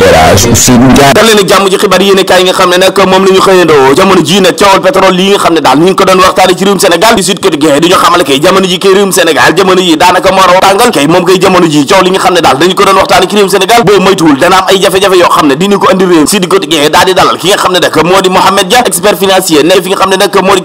forage ko doon waxtaane ci réewum Sénégal di boo moytuwul réew Sud Quotidien daal ci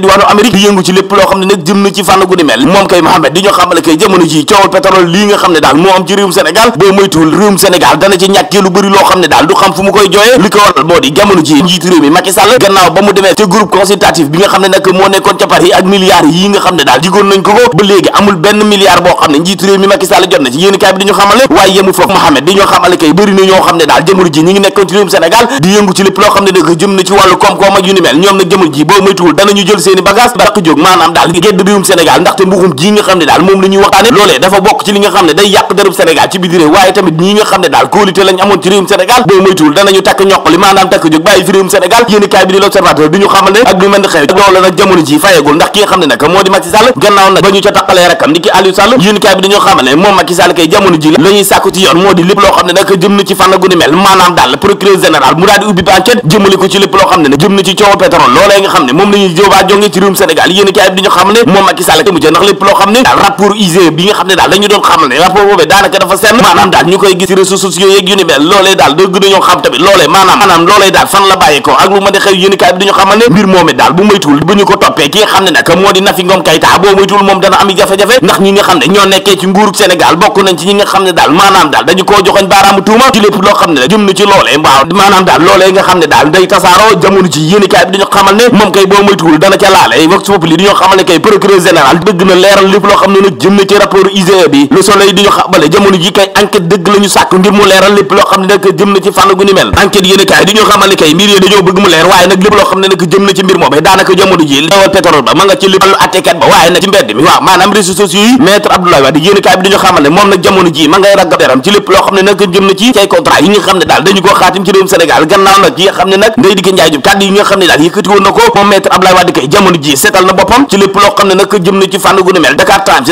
diwaanu Amérique di loo xam ne daal moo am ci réewum Sénégal boo moytuwul réewum Sénégal dana ci ñàkkee lu bëri loo xam xam ne daal du xam fu mu koy jooyee li ko waral moo di jamono ji njiitu réew mi Macky gannaaw ba mu demee ca groupe consultatif bi nga xam ne nag moo nekkoon ca Paris ak milliards yi nga xam ne daal digoon nañ ko ba léegi amul benn milliard boo xam ne daal jamono ji ñi ngi nekkoon ci réewum Sénégal di yëngu ci lépp loo xam ne da jëm na ci wàllu koom-koom ak yu ni mel ñoom nag jamono ji boo moytuwul danañu jël seeni bagage barq jóg maanaam daal gedd Sénégal boo moytuwul danañu takk ñoqali maanaam takk jóg bàyyi fi réewum Sénégal yéeni kaay bi di xamal ni moom Macky ci yoon moo mu ci ndax lépp loo xam ne daal rapport IGE bi nga xam ne daal dañu doon xamal ne rapport boobee daanaka dafa senn maanaam daal ñu koy gis réseaux sociaux yeeg yu ni mel loolee daal dëgg dañoo xam tamit ko joxoñ baaraamu tuuma ci lépp loo xam ne la moom kay boo moytuwul dana ca laale vox populi dañoo xamal ne kay procureur général bëgg na leeral lépp loo xam ne nag jëm na ci rapport IGE bi Le Soleil dañu xamale jamono ji kay enquête dëgg la sàkk ngir mu leeral lépp loo xam ne nag jëm nag jamono ji yi ma ngay raggab deram ci lépp loo xam ne nag jëm na ci cay contrat yi nga xam ne daal dañu koo nga xam ne nag moom maître Abdoulaye Wade kay jamono ji seetal xam ne nag jëm na ci fànn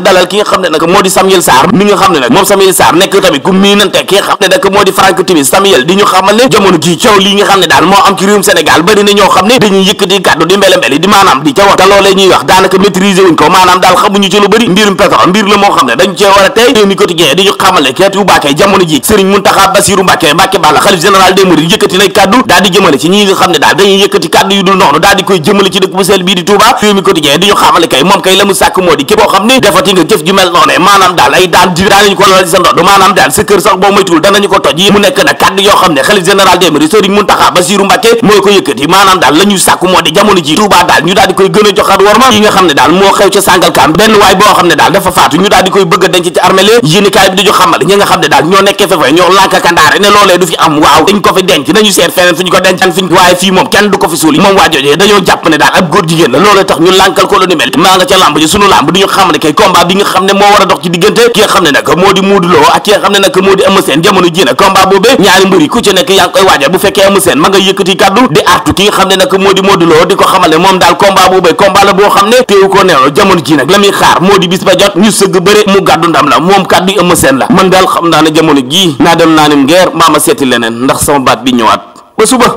dalal ki nga xam ne nag moo di Samuel Sarr mi nga xam ne nag moom Samuel Sarr nekk tamit ki nga xam ne nag moo di Franck Samuel di ñu xamal ne jamono ji coow lii nga xam ne daal moo am ci réewum Sénégal bari na ñoo xam ne dañuy yëkkati kàddu di mbele mbele di ci lu bëri xam ne a daal di yëkkati kàddu yu dul noonu daal koy jëmale ci dëkk bu sell bii di Touba réew mi quotidien di ñu xamal kay moom kay la mu sàkk moo di képp xam ne defati nga jëf ju mel noonee maanaam daal ay daan ji daanañu ko lool ci sa ndodd maanaam daal sa kër sax boo moytuwul danañu ko toj yi mu nekk nag kaddu yoo xam ne xalif général des mourides Serigne Mountakha Bassirou Mbacké mooy ko yëkkati maanaam daal la ñuy moo di jamono ji a ne daal a denc ci bi nga xam ne moo war a dox ci diggante ki xam ne nag moo di Modou ak ki xam ne nag moo di Eumeu Sène jamono ji na combat boobee ñaari mbër yi ku ci nekk yaa ngi koy la muy xaar moo di bis ba jot ñu sëgg bëre mu gàddu ndam la moom kàddu yi la man daal xam naa jamono jii naa dem naa nim ngeer maama seeti leneen ndax sama baat bi ñëwaat ba suba